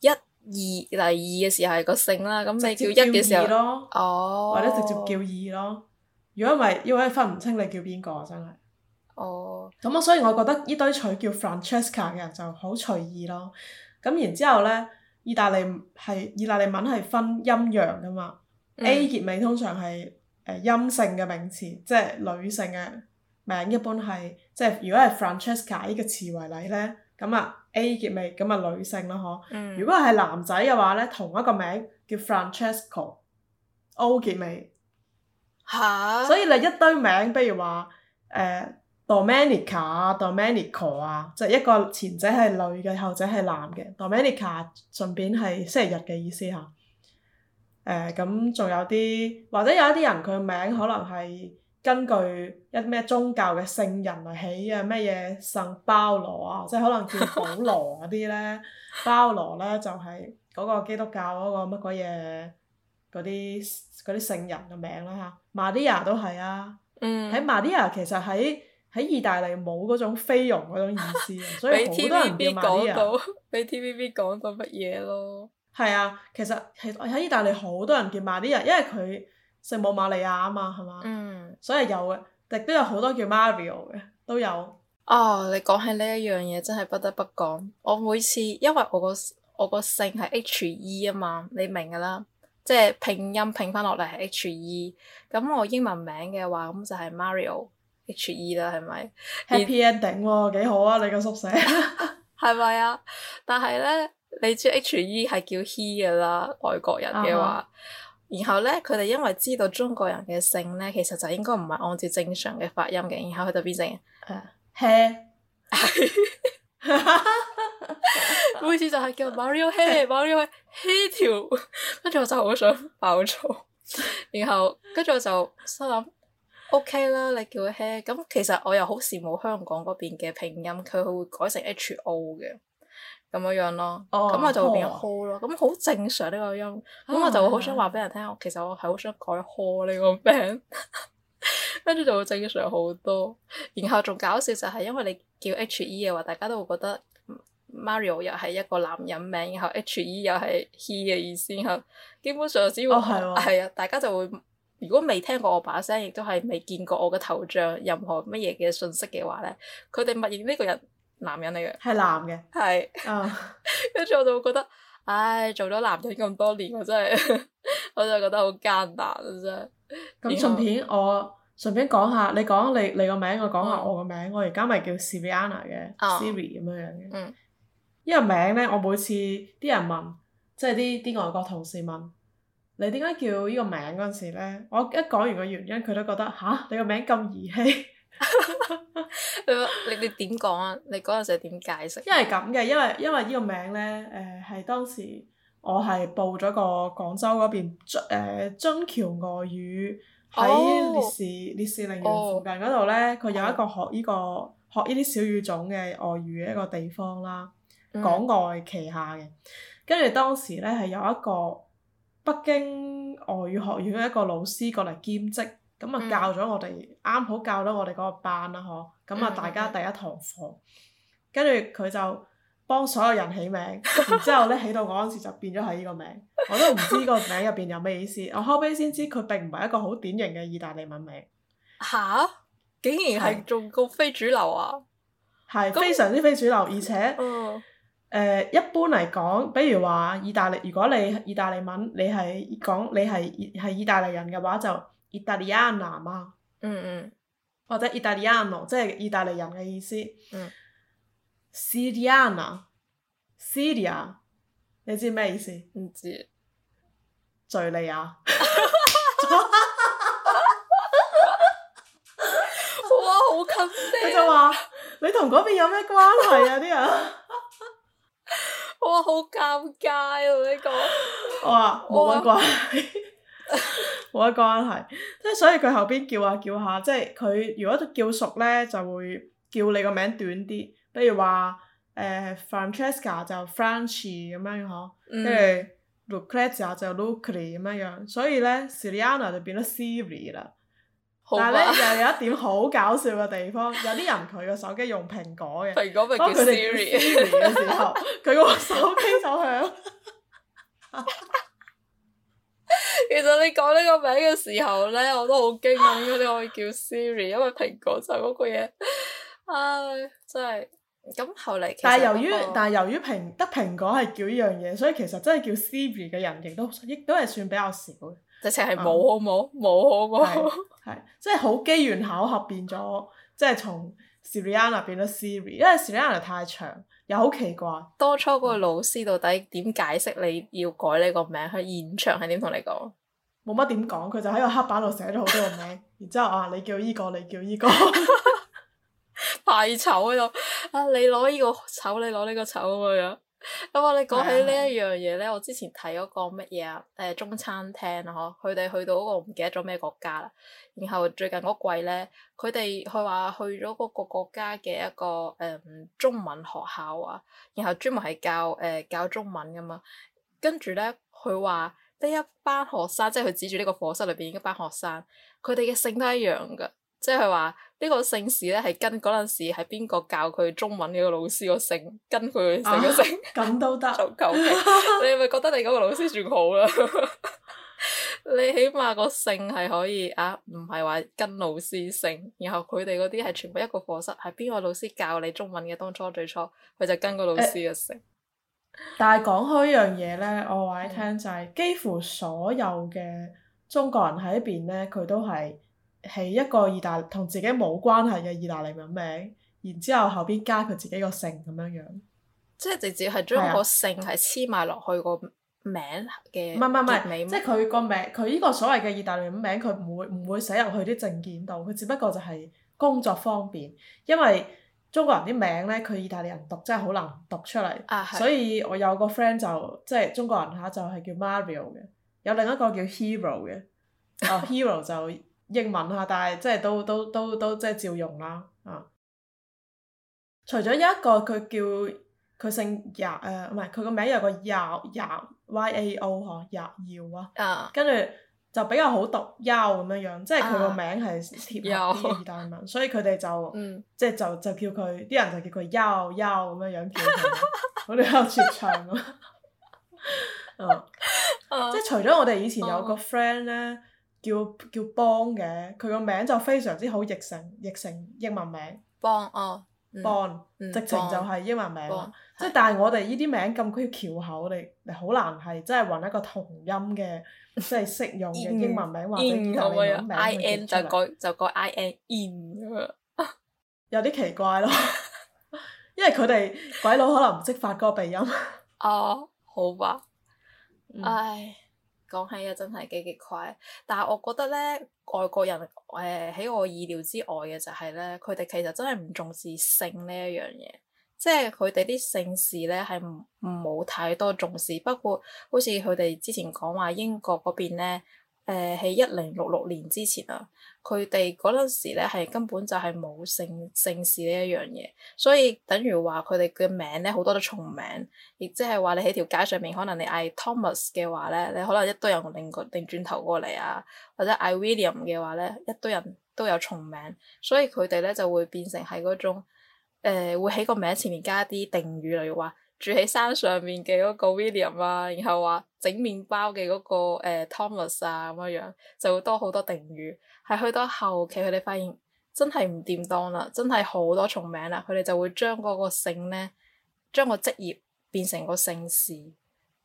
一的、二、第二嘅時候係個姓啦，咁你叫一嘅時候，哦，或者直接叫二咯，咯。如果唔係，因為分唔清你叫邊個、啊，真係。哦。咁啊，所以我覺得呢堆取叫 Francesca 嘅人就好隨意咯。咁然之後咧，意大利係意大利文係分陰陽噶嘛？嗯。A 結尾通常係誒陰性嘅名詞，即係女性嘅名一般係，即係如果係 Francesca 呢個詞為例咧，咁啊 A 結尾，咁啊女性啦，嗬、嗯。如果係男仔嘅話咧，同一個名叫 Francesco，O 結尾。哈所以你一堆名，比如話，誒、呃、Domenica 啊 Domenico 啊，就一個前者係女嘅，後者係男嘅。Domenica 順便係星期日嘅意思嚇。誒、呃、咁，仲有啲，或者有一啲人佢名可能係根據一咩宗教嘅聖人嚟起嘅咩嘢聖包羅啊， (laughs) 即係可能叫保羅嗰啲咧。包 (laughs) 羅咧就係嗰個基督教嗰個乜鬼嘢？嗰啲啲聖人嘅名啦嚇，瑪利亞都係啊。喺瑪利亞其實喺喺意大利冇嗰種菲傭嗰種意思， (laughs) 所以好多人叫瑪利亞。俾 T V B 講到乜嘢咯？係啊，其實係喺意大利好多人叫瑪利亞，因為佢聖母瑪利亞啊嘛，係嘛？嗯，所以有嘅亦都有好多叫 Mario 嘅都有。哦、啊，你講起呢一樣嘢真係不得不講。我每次因為我個我個姓係 H E 啊嘛，你明㗎啦。即係拼音拼翻落嚟係 H E，咁我英文名嘅話咁就係 Mario H E 啦，係咪？Happy ending 喎而，幾好啊！你個宿舍係咪啊？但係呢，你知 H E 係叫 He 嘅啦，外國人嘅話。Uh huh. 然後呢，佢哋因為知道中國人嘅姓呢，其實就應該唔係按照正常嘅發音嘅，然後佢就變成，He。Uh huh. (laughs) (laughs) 每次就係叫 Mario，Hey，Mario，Hey 條，跟住我就好想爆粗， (laughs) 然後跟住我就心諗 O K 啦，你叫佢 Hey，咁其實我又好羨慕香港嗰邊嘅拼音，佢會改成 H O 嘅，咁樣樣咯，咁、oh, 我就會變 ho 咯，咁好、oh, 正常呢個音，咁、oh, 我就會好想話俾人聽，我、oh, 其實我係好想改 ho 呢個名，跟住就會正常好多，然後仲搞笑就係因為你。 (laughs) 叫 H.E 嘅話，大家都會覺得 Mario 又係一個男人名，然後、H e、又 H.E 又係 he 嘅意思，然後基本上只要係，係、哦、啊，啊，大家就會如果未聽過我把聲，亦都係未見過我嘅頭像，任何乜嘢嘅信息嘅話咧，佢哋默認呢個人男人嚟嘅，係男嘅，係，啊，跟住我就會覺得，唉，做咗男人咁多年，我真係， (laughs) 我就覺得好艱難啊真。咁順便我。順便講下，你講你你個名，我講下我個名。我而家咪叫 Sylviana 嘅 Siri 咁樣樣嘅。呢個名呢，我每次啲人問，即係啲啲外國同事問你點解叫呢個名嗰陣時咧，我一講完個原因，佢都覺得吓，你個名咁兒戲。你你你點講啊？你嗰陣時點解釋？因為咁嘅，因為因為呢個名呢，誒係當時我係報咗個廣州嗰邊津橋外語。喺烈士烈、哦、士陵園附近嗰度呢，佢有一個學呢、呢個的學呢啲小語種嘅外語嘅一個地方啦，嗯、港外旗下嘅。跟住當時呢，係有一個北京外語學院嘅一個老師過嚟兼職，咁啊教咗我哋啱、嗯、好教咗我哋嗰個班啦嗬，咁啊大家第一堂課，跟住佢就。幫所有人起名，然 (laughs) 之後咧，起到我嗰時就變咗係呢個名，我都唔知呢個名入邊有咩意思。 (laughs) 我後尾先知佢並唔係一個好典型嘅意大利文名。嚇！竟然係仲個非主流啊！係非常之非主流，而且誒、嗯呃、一般嚟講，比如話意大利，如果你意大利文，你係講你係係意大利人嘅話，就意大利亞男啊，嗯嗯，或者意大利亞奴，即係意大利人嘅意思，嗯。敘利亞，敘利亞，你知咩意思？唔知敘利亞。 (laughs) (laughs) 哇，好近，佢就話：你同嗰邊有咩關係啊？啲人， (laughs) 哇，好尷尬啊！你講，我話冇乜關，關，冇乜我、啊、 (laughs) 關係。即係所以佢後邊叫下叫下，即係佢如果叫熟咧，就會叫你個名短啲。比如話誒、欸、Francesca 就 Francy 咁樣嗬，跟住、嗯、Lucrezia 就 Lucrey 咁樣樣，所以咧 Siriana 就變咗 Siri 啦。好吧 但係咧又有一點好搞笑嘅地方，有啲人佢個手機用蘋果蘋果嘅，蘋果咪叫 Siri 嘅時候，佢個 (laughs) 手機手響。其實你講呢個名嘅時候咧，我都好驚點解你可以叫 Siri，因為蘋果就嗰個嘢，唉、啊、真係～咁後嚟，但係由於、那個、但係由於蘋得蘋果係叫呢樣嘢，所以其實真係叫 Siri 嘅人亦都亦都係算比較少，直情係冇好冇冇、嗯、好喎，係 (laughs) 即係好機緣巧合變咗，即係從 Siriana 變咗 Siri，因為 Siriana 太長又好奇怪。當初個老師到底點解釋你要改呢個名？喺現場係點同你講？冇乜點講，佢就喺個黑板度寫咗好多個名， (laughs) 然之後啊，你叫依、呢個，你叫依、呢個。 (laughs) 太醜又啊！你攞呢個醜，你攞呢個醜咁樣。咁啊，你、嗯、講起呢一樣嘢咧，我之前睇嗰個乜嘢啊？誒、呃、中餐廳咯，佢哋去到嗰、嗰個唔記得咗咩國家啦。然後最近嗰季咧，佢哋佢話去咗嗰個國家嘅一個誒、嗯、中文學校啊。然後專門係教誒、呃、教中文噶嘛。跟住咧，佢話呢一班學生，即係佢指住呢個課室裏邊一班學生，佢哋嘅姓都一樣噶，即係佢話。呢個姓氏咧，係跟嗰陣時係邊個教佢中文嘅老師個姓，跟佢成個姓。咁都得。架 (laughs) 你係咪覺得你嗰個老師算好啦？ (laughs) 你起碼個姓係可以啊，唔係話跟老師姓。然後佢哋嗰啲係全部一個課室，係邊個老師教你中文嘅？當初最初，佢就跟個老師嘅姓。欸、但係講開呢樣嘢咧，我話你聽、嗯、就係，幾乎所有嘅中國人喺呢邊咧，佢都係。起一個意大利同自己冇關係嘅意大利文名，然之後後邊加佢自己個姓咁樣樣，即係直接係將個姓係黐埋落去個名嘅。唔係唔係唔係，即係佢個名，佢呢個所謂嘅意大利文名，佢唔會唔會寫入去啲證件度，佢只不過就係工作方便。因為中國人啲名咧，佢意大利人讀真係好難讀出嚟，啊、所以我有個 friend 就即係、就是、中國人嚇，就係叫 Mario 嘅，有另一個叫 Hero 嘅，啊、 (laughs) uh, Hero 就。英文啊，但係即係都都都都即係照用啦啊。除咗有一個佢叫佢姓姚啊，唔係佢個名有個姚姚 Y A O 呵，姚耀啊，跟住就比較好讀優咁樣樣，即係佢個名係貼合現代文，所以佢哋就即係就就叫佢啲人就叫佢姚姚咁樣樣，我哋喺度笑唱咯，即係除咗我哋以前有個 friend 咧。叫叫邦嘅，佢個名就非常之好譯成譯成英文名。邦哦，邦直情就係英文名。即係但係我哋呢啲名咁區橋口，你哋好難係真係揾一個同音嘅，即係適用嘅英文名或者頭嚟諗名。就改就改 in 有啲奇怪咯。因為佢哋鬼佬可能唔識發嗰個鼻音。哦，好吧，唉。講起啊，真係幾極怪，但係我覺得咧，外國人誒喺、呃、我意料之外嘅就係咧，佢哋其實真係唔重視姓呢一樣嘢，即係佢哋啲姓氏咧係唔冇太多重視。不過，好似佢哋之前講話英國嗰邊咧。誒喺一零六六年之前啊，佢哋嗰陣時咧係根本就係冇姓姓氏呢一樣嘢，所以等於話佢哋嘅名咧好多都重名，亦即係話你喺條街上面，可能你嗌 Thomas 嘅話咧，你可能一堆人擰個擰轉過頭過嚟啊，或者嗌 William 嘅話咧，一堆人都有重名，所以佢哋咧就會變成係嗰種誒、呃、會喺個名前面加啲定語，例如話。住喺山上面嘅嗰個 William 啊，然後話整麵包嘅嗰、嗰個、呃、Thomas 啊咁樣樣就會多好多定語。係去到後期，佢哋發現真係唔掂當啦，真係好多重名啦。佢哋就會將嗰個姓呢，將個職業變成個姓氏，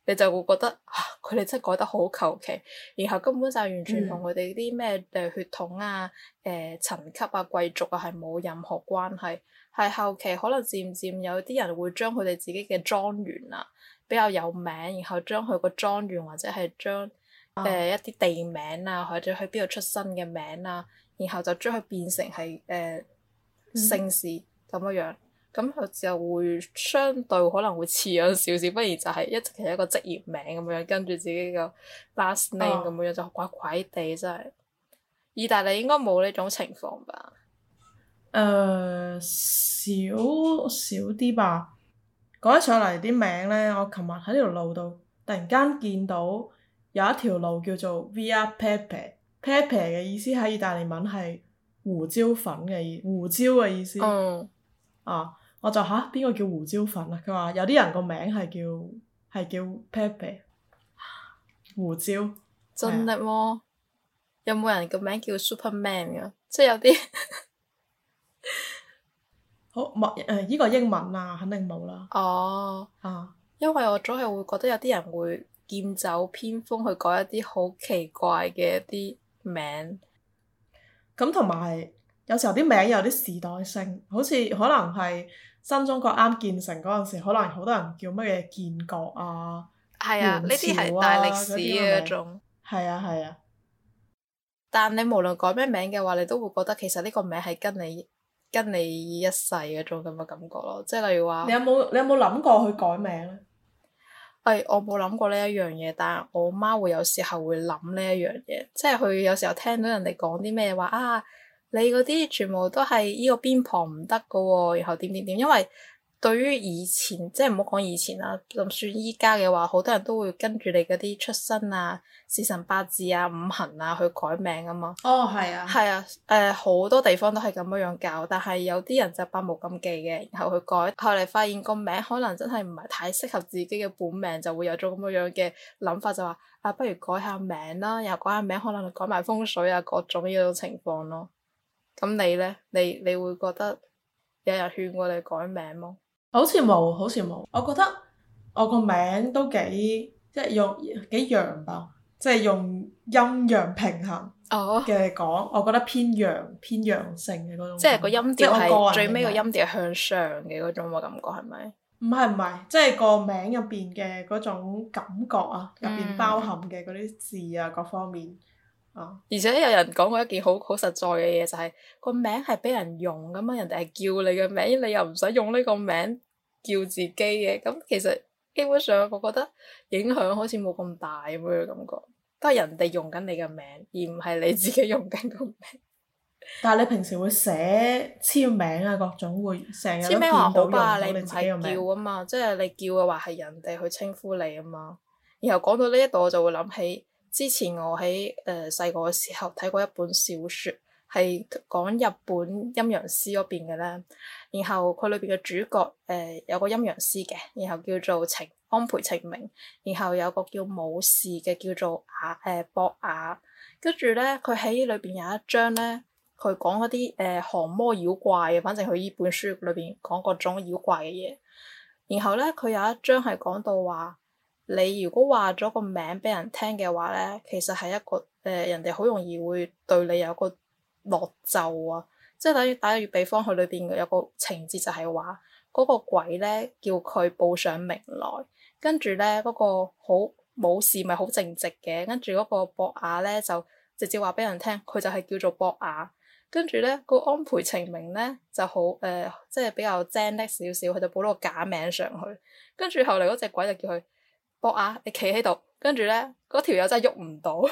你就會覺得啊佢哋真係改得好求其，然後根本就完全同佢哋啲咩誒血統啊、誒層、嗯呃、級啊、貴族啊係冇任何關係。但係後期可能漸漸有啲人會將佢哋自己嘅莊園啊比較有名，然後將佢個莊園或者係將誒一啲地名啊，或者喺邊度出身嘅名啊，然後就將佢變成係誒、呃、姓氏咁、mm. 樣，咁佢就會相對可能會似樣少少，不如就係一其實一個職業名咁樣，跟住自己個 last name 咁樣就怪怪地，真係。意大利應該冇呢種情況吧？誒，少少啲吧。講起上嚟啲名呢，我琴日喺呢條路度突然間見到有一條路叫做 Via Pepe pe。Pepe 嘅意思喺意大利文係胡椒粉嘅意思，胡椒嘅意思。哦、嗯。啊，我就吓邊個叫胡椒粉啊？佢話有啲人個名係叫係叫 Pepe pe，胡椒。真的麼？嗯、有冇人個名叫 Superman 嘅、啊？即係有啲。 (laughs) 冇誒，呢個英文啊，肯定冇啦。哦，啊，因為我總係會覺得有啲人會劍走偏鋒去改一啲好奇怪嘅一啲名。咁同埋有時候啲名有啲時代性，好似可能係新中國啱建成嗰陣時，可能好多人叫乜嘢建國啊、啊元朝啊嗰啲係大歷史嘅一種，嗰種。係啊，係啊。但你無論改咩名嘅話，你都會覺得其實呢個名係跟你。跟你一世嗰種咁嘅感覺咯，即係例如話，你有冇你有冇諗過去改名咧？係、哎、我冇諗過呢一樣嘢，但係我媽會有時候會諗呢一樣嘢，即係佢有時候聽到人哋講啲咩話啊，你嗰啲全部都係依個邊旁唔得嘅喎，然後點點點，因為。對於以前即係唔好講以前啦，就算依家嘅話，好多人都會跟住你嗰啲出生啊、時辰八字啊、五行啊去改名啊嘛。哦，係啊。係、嗯、啊，誒、呃、好多地方都係咁樣樣教，但係有啲人就百無禁忌嘅，然後佢改後嚟發現個名可能真係唔係太適合自己嘅本命，就會有咗咁樣樣嘅諗法，就話啊不如改下名啦，又改下名，可能改埋風水啊各種呢種情況咯。咁你咧，你你會覺得有人勸過你改名麼？好似冇，好似冇。我覺得我個名都幾即係用幾陽吧，即係用陰陽平衡嘅講。我覺得偏陽偏陽性嘅嗰種，即係個音調係最尾個音調向上嘅嗰種啊，感覺係咪？唔係唔係，即係、就是、個名入邊嘅嗰種感覺啊，入邊包含嘅嗰啲字啊，嗯、各方面。而且有人講過一件好好實在嘅嘢，就係個名係俾人用噶嘛，人哋係叫你嘅名，你又唔使用呢個名叫自己嘅，咁其實基本上我覺得影響好似冇咁大咁樣嘅感覺，都係人哋用緊你嘅名，而唔係你自己用緊個名。但係你平時會寫簽名啊，各種會成日見到用到你自己嘅名。簽名話好吧，你唔使叫啊嘛，即係你叫嘅話係人哋去稱呼你啊嘛。然後講到呢一度我就會諗起。之前我喺誒細個嘅時候睇過一本小説，係講日本陰陽師嗰邊嘅咧。然後佢裏邊嘅主角誒、呃、有個陰陽師嘅，然後叫做晴安倍晴明。然後有個叫武士嘅叫做雅誒、呃、博雅。跟住咧，佢喺裏邊有一章咧，佢講嗰啲誒降魔妖怪嘅，反正佢依本書裏邊講各種妖怪嘅嘢。然後咧，佢有一章係講到話。你如果話咗個名俾人聽嘅話咧，其實係一個誒、呃，人哋好容易會對你有個落咒啊！即係等於打住比方，佢裏邊有個情節就係話嗰個鬼咧，叫佢報上名來，跟住咧嗰個好冇事咪好正直嘅，跟住嗰個博雅咧就直接話俾人聽，佢就係叫做博雅，跟住咧個安倍晴明咧就好誒、呃，即係比較精叻少少，佢就報咗個假名上去，跟住後嚟嗰隻鬼就叫佢。博雅，你企喺度，跟住咧嗰條友真係喐唔到，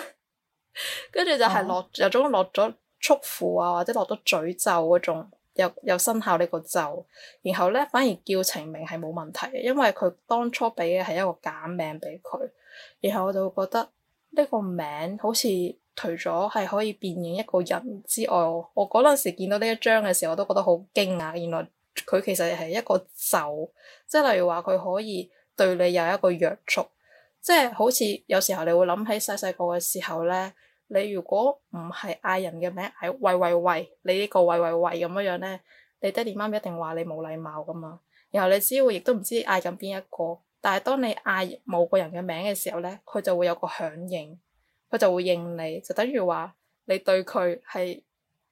跟 (laughs) 住就係落、啊、有種落咗束縛啊，或者落咗詛咒嗰種又又生效呢個咒，然後咧反而叫晴明係冇問題，因為佢當初俾嘅係一個假名俾佢，然後我就會覺得呢個名好似除咗係可以辨認一個人之外，我嗰陣時見到呢一張嘅時候，我都覺得好驚訝，原來佢其實係一個咒，即係例如話佢可以。對你有一個約束，即係好似有時候你會諗起細細個嘅時候咧，你如果唔係嗌人嘅名，嗌喂喂喂，你呢個喂喂喂咁樣樣咧，你爹哋媽咪一定話你冇禮貌噶嘛。然後你只會亦都唔知嗌緊邊一個，但係當你嗌某個人嘅名嘅時候咧，佢就會有個響應，佢就會應你，就等於話你對佢係。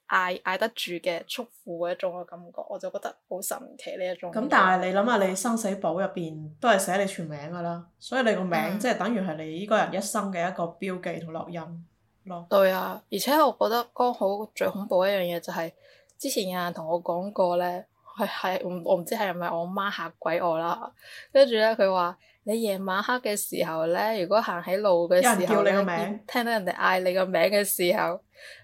嗌嗌得住嘅束縛嘅一種嘅感覺，我就覺得好神奇呢一種感覺。咁但係你諗下，你生死簿入邊都係寫你全名噶啦，所以你個名即係等於係你呢個人一生嘅一個標記同烙印咯。對啊、嗯，而且我覺得剛好最恐怖一樣嘢就係、是，之前有人同我講過咧，係係我唔知係咪我媽吓鬼我啦，跟住咧佢話。你夜晚黑嘅時候咧，如果行喺路嘅時候，你名你聽到人哋嗌你個名嘅時候，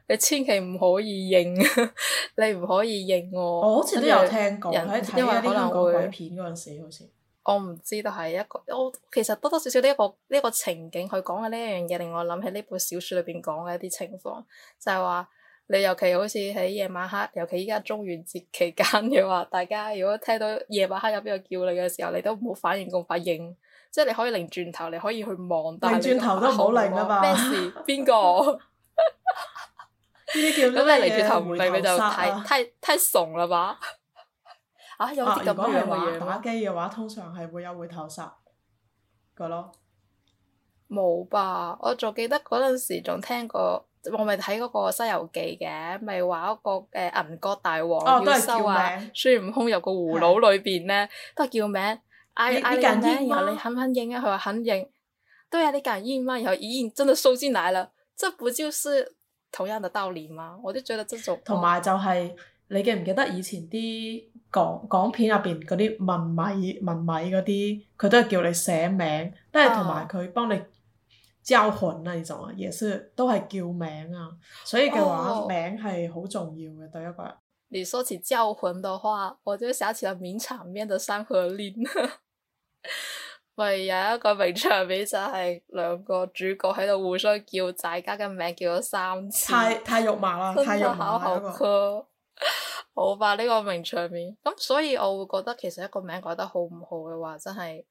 你千祈唔可以應， (laughs) 你唔可以應喎、哦。我、哦、好似都有聽過，我喺睇一啲講鬼片嗰陣時，好似我唔知道，係一個我其實多多少少都、這、一個呢、這個情景，佢講嘅呢一樣嘢，令我諗起呢本小説裏邊講嘅一啲情況，就係、是、話你尤其好似喺夜晚黑，尤其依家中元節期間嘅話，大家如果聽到夜晚黑有邊個叫你嘅時候，你都唔好反應咁快應。即係你可以擰轉頭，你可以去望，擰轉頭都好靈啊嘛！咩事？邊個？呢 (laughs) (laughs) 叫咁你擰轉頭唔俾佢殺太太慫啦吧？啊有啲咁嘅話打機嘅話，通常係會有回頭殺嘅咯。冇吧、啊？我仲記得嗰陣時仲聽過，我咪睇嗰個《西遊記》嘅，咪話一個誒銀角大王要收啊孫悟空入個葫蘆裏邊咧，都係叫名。I, 你肯肯應啊？佢話肯應，對啊，你敢應嘛？然後一應，真的收進來了。這不就是同樣的道理嗎？我都覺得真做。同埋就係、是、你記唔記得以前啲港港片入邊嗰啲問米問米嗰啲，佢都係叫你寫名，都係同埋佢幫你叫魂那種啊，呢種也是都係叫名啊。所以嘅話、哦、名係好重要嘅，對一個人。你說起叫魂的話，我就想起了名場面的三《山河令》。咪 (laughs) 有一個名場面就係兩個主角喺度互相叫大家嘅名叫咗三次，太太肉麻啦，太肉麻， (laughs) 太肉麻一個。 (laughs) 好吧，呢、這個名場面咁，所以我會覺得其實一個名改得好唔好嘅話，真係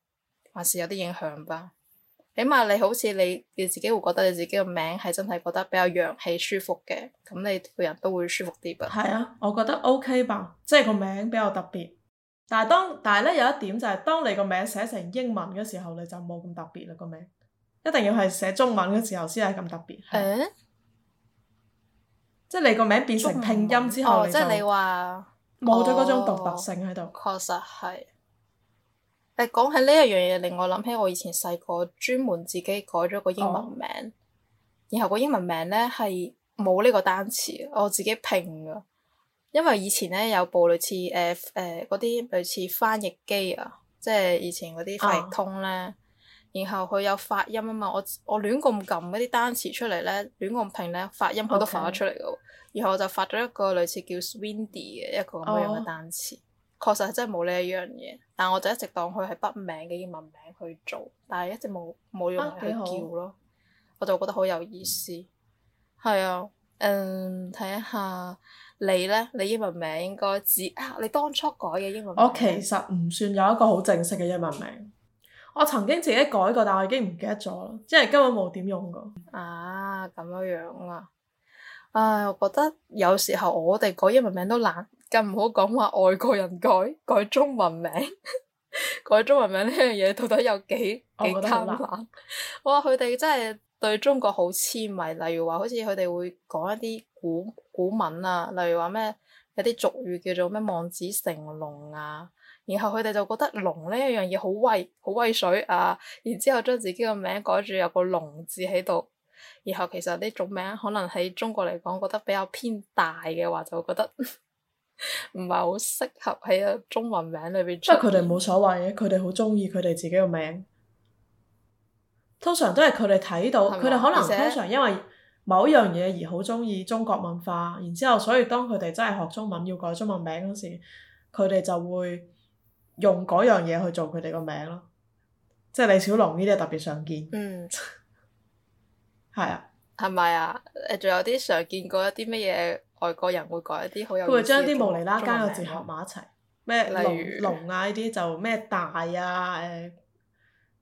還是有啲影響吧。起碼你好似你你自己會覺得你自己個名係真係覺得比較洋氣舒服嘅，咁你個人都會舒服啲吧？係 (laughs) 啊，我覺得 OK 吧，即係個名比較特別。但係當，但係咧有一點就係，當你個名寫成英文嘅時候，你就冇咁特別啦。個名一定要係寫中文嘅時候先係咁特別，啊、即係你個名變成拼音之後，文文哦、你就冇咗嗰種獨特性喺度、哦。確實係。誒，講起呢一樣嘢，令我諗起我以前細個專門自己改咗個英文名，哦、然後個英文名咧係冇呢個單詞，我自己拼噶。因為以前咧有部類似誒誒嗰啲類似翻譯機啊，即係以前嗰啲快譯通咧，啊、然後佢有發音啊嘛，我我亂咁撳嗰啲單詞出嚟咧，亂咁拼咧發音我都發得出嚟嘅喎，Okay. 然後我就發咗一個類似叫 Swindy 嘅一個咁樣嘅單詞，確、哦、實係真係冇呢一樣嘢，但我就一直當佢係筆名嘅英文名去做，但係一直冇冇用嚟去叫咯，啊、我就覺得好有意思，係、嗯嗯、啊。嗯，睇一下你呢，你英文名應該知啊？你當初改嘅英文名，我其實唔算有一個好正式嘅英文名。我曾經自己改過，但我已經唔記得咗，即係根本冇點用過。啊，咁樣啊！唉、啊，我覺得有時候我哋改英文名都難，更唔好講話外國人改改中文名。 (laughs) 改中文名呢樣嘢到底有幾幾艱懶難？我話佢哋 (laughs) 真係～對中國好痴迷，例如話，好似佢哋會講一啲古古文啊，例如話咩有啲俗語叫做咩望子成龍啊，然後佢哋就覺得龍呢一樣嘢好威好威水啊，然之後將自己個名改住有個龍字喺度，然後其實呢種名可能喺中國嚟講覺得比較偏大嘅話，就覺得唔係好適合喺中文名裏邊。即係佢哋冇所謂嘅，佢哋好中意佢哋自己個名。通常都係佢哋睇到，佢哋可能通常因為某樣嘢而好中意中國文化，實然後之後所以當佢哋真係學中文要改中文名嗰時，佢哋就會用嗰樣嘢去做佢哋個名咯。即係李小龍呢啲特別常見，嗯，係 (laughs) 啊，係咪啊？仲有啲常見過一啲咩嘢外國人會改一啲好有，佢會將啲無厘啦間嘅字合埋一齊，咩龍如龍啊呢啲，就咩大啊誒。欸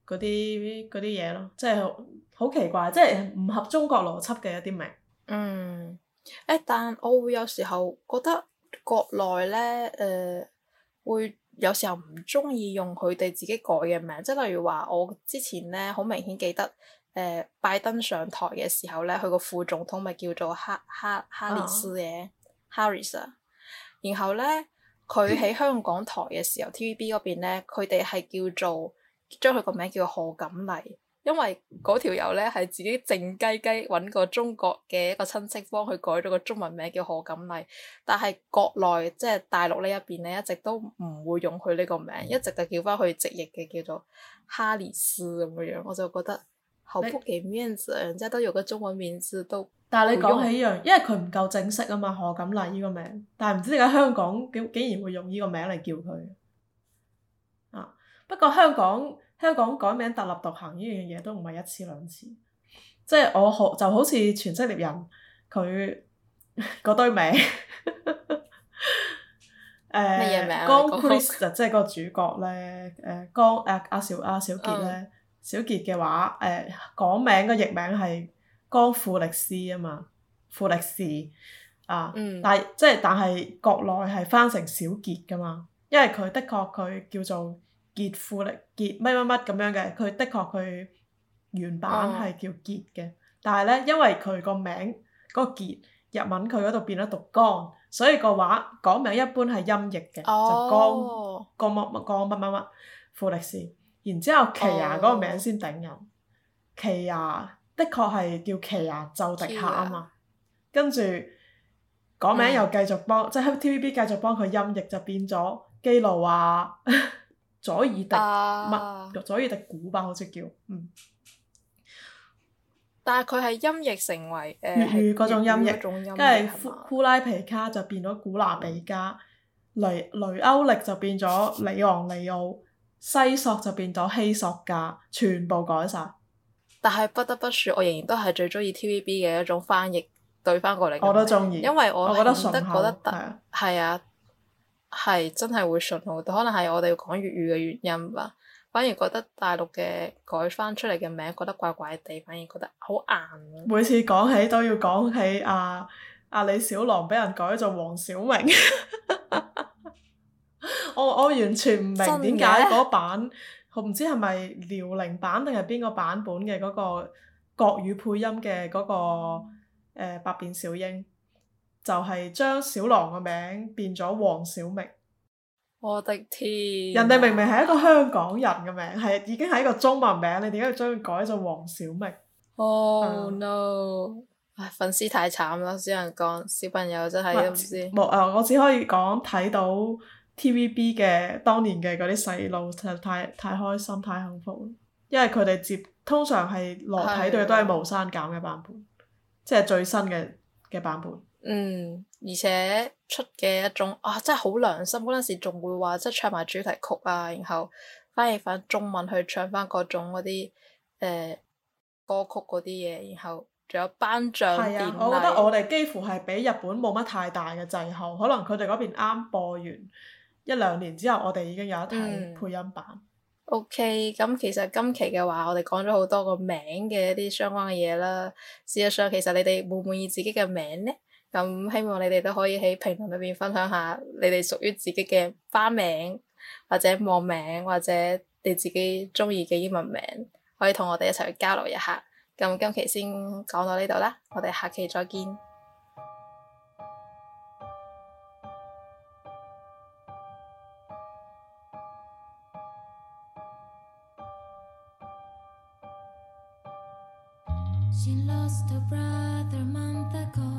嗰啲啲嘢咯，即係好奇怪，即係唔合中國邏輯嘅一啲名。嗯，誒、欸，但我會有時候覺得國內咧，誒、呃，會有時候唔中意用佢哋自己改嘅名，即係例如話我之前咧，好明顯記得誒、呃、拜登上台嘅時候咧，佢個副總統咪叫做哈哈哈里斯嘅、啊、Harris，、啊、然後咧佢喺香港台嘅時候、嗯、，TVB 嗰邊咧，佢哋係叫做。將佢個名叫何錦麗，因為嗰條友咧係自己靜雞雞揾個中國嘅一個親戚幫佢改咗個中文名叫何錦麗，但係國內即係、就是、大陸呢一邊咧一直都唔會用佢呢個名，一直就叫翻佢直譯嘅叫做哈里斯咁樣，我就覺得好不給面子，即係你都有個中文名字都，但係你講起樣，因為佢唔夠正式啊嘛，何錦麗呢個名，但係唔知點解香港竟竟然會用呢個名嚟叫佢。不過香港香港改名特立獨行呢樣嘢都唔係一次兩次，即係我好就好似《全職獵人》佢嗰堆名，誒、 (laughs) 呃、江 Chris (laughs) 即係嗰個主角咧。誒江誒阿、啊、小阿小傑咧，小杰嘅、嗯、話誒、呃、講名嘅譯名係江富力士啊嘛，富力士啊，嗯、但即係但係國內係翻成小杰噶嘛，因為佢的確佢叫做。傑富力傑乜乜乜咁樣嘅，佢的，的確佢原版係叫傑嘅，哦、但係咧因為佢、個名嗰個傑日文佢嗰度變咗讀剛，所以嘅話講名一般係音譯嘅，哦、就剛剛乜乜剛乜乜乜富力士，然之後奇亞嗰個名先頂人，哦、奇亞的確係叫奇亞就迪卡啊嘛，跟住亞講名又繼續幫即係 TVB 繼續幫佢音譯就變咗基路亞、啊。 (laughs) 佐爾迪，乜佐爾迪、啊、古吧，好似叫，嗯。但係佢係音譯成為粵語嗰種音譯，跟住呼庫拉皮卡就變咗古拿比加，雷雷歐力就變咗里昂利奧，西索就變咗希索加，全部改晒。但係不得不說，我仍然都係最中意 TVB 嘅一種翻譯對翻過嚟。我都中意。因為，因為我覺得覺得覺得，係啊。係真係會順好多，可能係我哋要講粵語嘅原因吧。反而覺得大陸嘅改翻出嚟嘅名，覺得怪怪地，反而覺得好硬。每次講起都要講起阿、啊、阿、嗯啊、李小狼俾人改做王小明， (laughs) (laughs) (laughs) 我我完全唔明點解嗰版，我唔知係咪遼寧版定係邊個版本嘅嗰個國語配音嘅嗰、那個、嗯呃、百變小櫻。就係將小狼嘅名變咗黃小明，我的天！人哋明明係一個香港人嘅名，係已經係一個中文名，你點解要將佢改做黃小明？哦 no！唉，粉絲太慘啦！只能講小朋友真係唔是知。冇啊、呃！我只可以講睇到 TVB 嘅當年嘅嗰啲細路，實太太開心、太幸福，因為佢哋接通常係落睇到都係無刪減嘅版本，的即係最新嘅嘅版本。嗯，而且出嘅一種啊，真係好良心。嗰陣時仲會話即係唱埋主題曲啊，然後翻譯翻中文去唱翻各種嗰啲誒歌曲嗰啲嘢，然後仲有頒獎典禮。係啊，我覺得我哋幾乎係比日本冇乜太大嘅滯後，可能佢哋嗰邊啱播完一兩年之後，我哋已經有一睇配音版。O K，咁其實今期嘅話，我哋講咗好多個名嘅一啲相關嘅嘢啦。事實上，其實你哋滿唔滿意自己嘅名呢？咁希望你哋都可以喺評論裏面分享下你哋屬於自己嘅花名或者網名或者你自己中意嘅英文名，可以同我哋一齊去交流一下。咁今期先講到呢度啦，我哋下期再見。 (music)